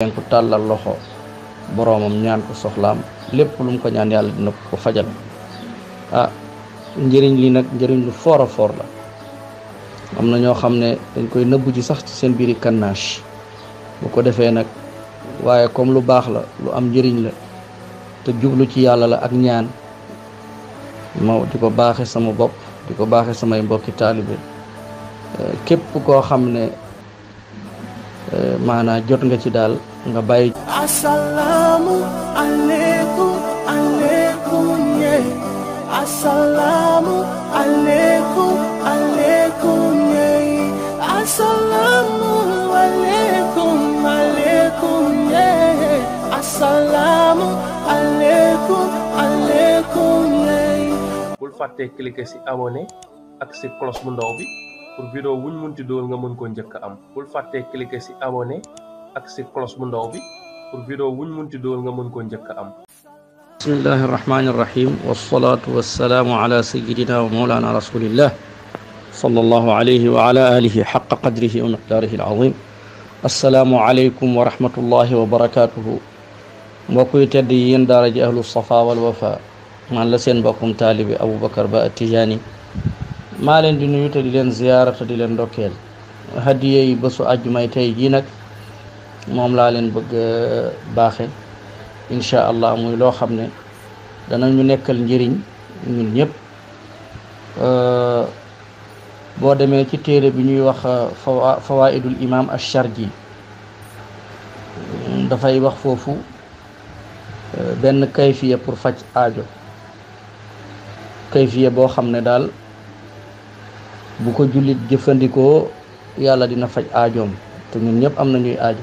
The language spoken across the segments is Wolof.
leen ko tàllal loxo boroomam ñaan ko soxlaam lépp lum ko ñaan yàlla dina ko fajal ah njëriñ li nag njëriñ lu foora foor la am na ñoo xam ne dañ koy nëbbu ji sax ci seen biiri kannaash bu ko defee nag waaye comme lu baax la lu am njëriñ la te jublu ci yàlla la ak ñaan ma di ko baaxe sama bopp di ko baaxe samay mbokki taalibe eh, képp koo xam ne eh, maanaa jot nga ci daal nga bay Assalamu aleykum aleykum ye Assalamu aleykum aleykum ye Assalamu aleykum aleykum ye Assalamu aleykum aleykum ye bul fàtte cliquer ci abonné ak ci cloche bu ndaw bi pour vidéo wuñ mën ti door nga mën ko ñëk am bul faté cliquer ci abonné ak si cloche bu ndaw bi pour vidéo wuñ munti dool nga mën ko njëkk am بسم الله الرحمن الرحيم والصلاة والسلام على سيدنا ومولانا رسول الله صلى الله عليه وعلى آله حق قدره ومقداره العظيم السلام عليكم ورحمة الله وبركاته مبكو يتدين درج أهل الصفا والوفاء من لسين بكم طالب أبو بكر بقى التجاني ما لين دي نيوتا زيارة دي لين دوكيل هدية بسو أجمعي تيجينك mom la len bëgg baxé insha allah muy loo xam ne ñu nekkal njëriñ ñun ñëpp euh bo démé ci téré bi ñuy wax fawaidul imam ash-Sharji da fay wax fofu ben kayfiya pour fajj aajo kayfiya bo xamné dal bu ko julit jëfëndiko yàlla dina fajj aajoom te ñun ñëpp am nañuy ñuy aajo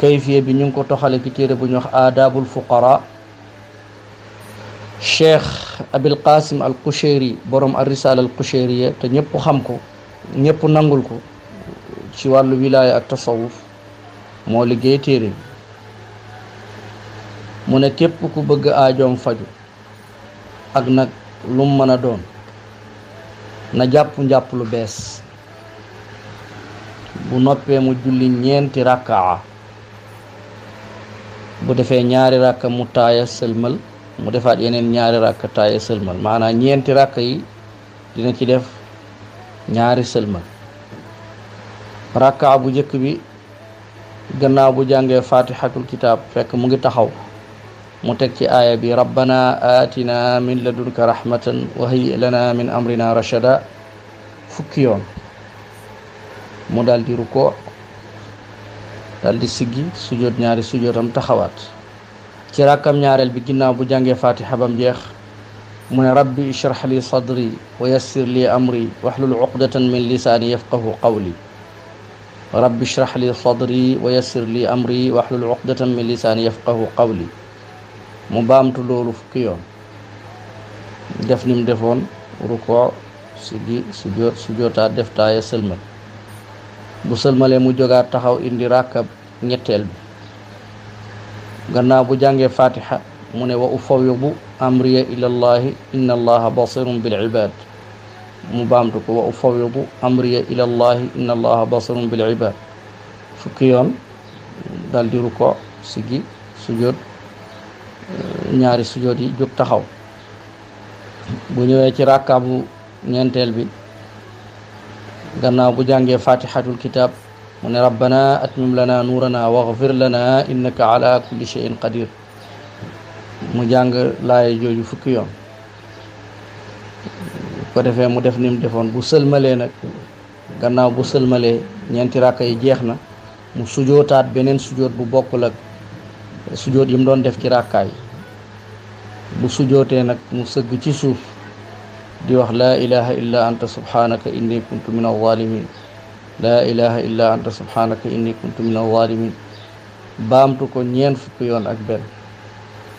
kayfiya bi ñu ko toxale ci téré bu ñu wax adabul fuqara cheikh abil qasim al qushairi borom ar risala al qushairi te ñepp xam ko ñepp nangul ko ci walu wilaya ak tasawuf mo liggéey téré mu ne képp ku bëgg aajoom faju ak nag lu mu mën a doon na jàpp njàpp lu bees bu noppee mu julli ñeenti rakkaa bu defee ñaari ràkka mu taaya sëlmal mu defaat yeneen ñaari ràkka taaya sëlmal maanaam ñeenti ràkka yi dina ci def ñaari sëlmal ràkka bu njëkk bi gannaaw bu jàngee faatixatul kitaab fekk mu ngi taxaw mu teg ci aaya bi rabbana aatina min ladunka rahmatan wa lana min amrina rachada fukki yoon mu daal di dal di siggi sujud ñaari sujudam taxawaat ci rakam ñaarel bi ginnaw bu jàngee fatiha bam jeex mu ne rabbi ishrah li sadri wa yassir li amri waxlul uqdatan min lisaani yafqahu qawli rabbi ishrah li sadri wa yassir li amri waxlul uqdatan min lisaani yafqahu qawli mu baamtu loolu fukki yoon def nim defoon ruko sigi sujud sujjootaat def taaya sëlmal bu sëlmalee mu jógaat taxaw indi ràkka ñetteel bi gannaaw bu jàngee fatiha mu ne wa ufawidu amriya ilallahi inna allaha basirun bil ibad mu baamtu ko wa ufawidu amriya ilallahi inna allaha basirun bil ibad fukki yoon dal di ruko sigi eh, ñaari sujjoot yi jóg taxaw bu ñëwee ci ràkkaa ñeenteel bi gannaaw bu jàngee fatihatul kitab mu ne rabbana atmim lana wa waxfir lana innaka ala kulli cheyin jàng laay jooju fukki yoon ko defee mu def ni mu defoon bu sëlmalee nag gannaaw bu sëlmalee ñeenti rakka yi jeex na mu sujootaat beneen sujoot bu bokkul ak sujoot yi mu doon def ci rakkaay bu sujootee nag mu sëgg ci suuf di wax la ilaha illa anta subhanaka inni kuntu minal zalimin la ilaha illa anta subhanaka inni kuntu minal zalimin bamtu ko ñeen fuk yoon ak ben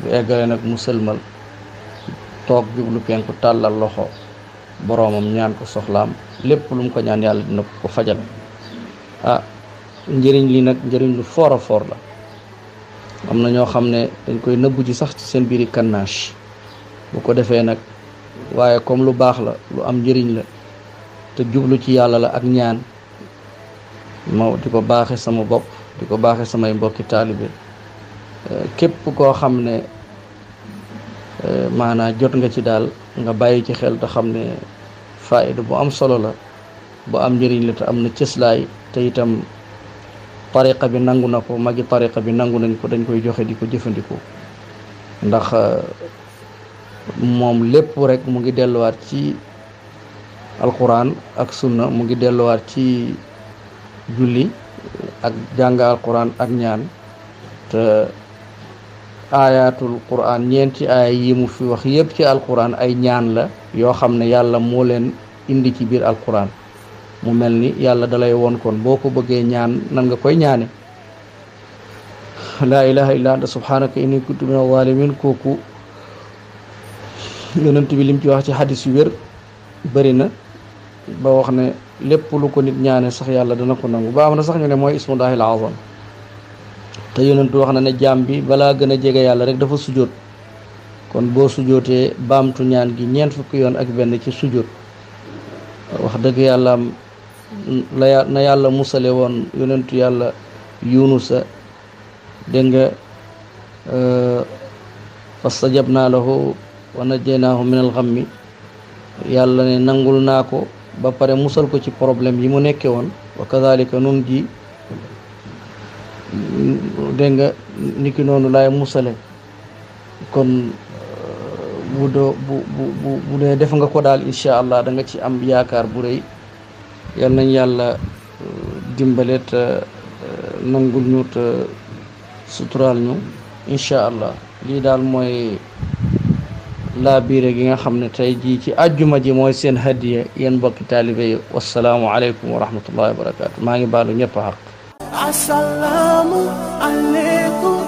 bu eggale nak musulmal tok toog jublu penku tàllal loxo boromam ñaan ko soxlam lepp lu mu ko ñaan yalla dina ko fajal ah njeriñ li nak njeriñ lu fora a la amna ño xamne dañ koy nëbbu sax ci sen biri kanash bu ko defé nak waaye comme lu baax la lu am njëriñ la te jublu ci yàlla la ak ñaan ma di ko baaxe sama bopp di ko baaxe samay mbokki taalibe eh, képp koo xam ne eh, maanaa jot nga ci daal nga bàyyi ci xel te xam ne faayida bu am solo la bu am njëriñ la te am na cëslaay te itam tariqa bi nangu na ko magi tariqa bi nangu nañ ko dañ koy joxe di ko jëfandikoo ndax eh, mom lepp rek mu ngi ci alquran ak sunna mu ngi delluwaat ci julli ak jang alquran ak ñaan te ayatul quran ñenti ay yi mu fi wax yeb ci alquran ay ñaan la yo xamne yalla mo len indi ci bir alquran mu melni yalla dalay won kon boko ko ñaan nan nga koy ñaané la ilaha illa anta subhanaka inni kuntu min kuku koku yonent bi lim ci wax ci xadis yu wér bëri na ba wax ne lépp lu ko nit ñaane sax yàlla dana ko nangu ba am na sax ñu ne mooy ismullahi al azam te yonent wax na ne jaam bi balaa gën a jege yàlla rek dafa sujoot kon boo sujootee baamtu ñaan gi ñeent fukki yoon ak benn ci sujoot wax dëgg yàlla am na yàlla musale woon yonentu yàlla yunusa dégg nga euh, fastajab naa lahu wa najjaynaahu min alxammi yàlla ne nangul naa ko ba pare musal ko ci problème yi mu nekkee woon wa kadalika nun ji dégg nga niki noonu laay musale kon euh, bu bu dee def nga ko daal incha allah da nga ci am yaakaar bu rëy yal nañ yàlla euh, dimbale te euh, nangul ñu te suturaal ñu incha allah lii daal mooy laa biire gi nga xamne tay ji ci aljuma ji moy sen hadiya yéen bokk talibe yi wasalaamu alaykum wa rahmatullahi wa barakatuh ma ngi balu ñëpp xaq assalamu alaykum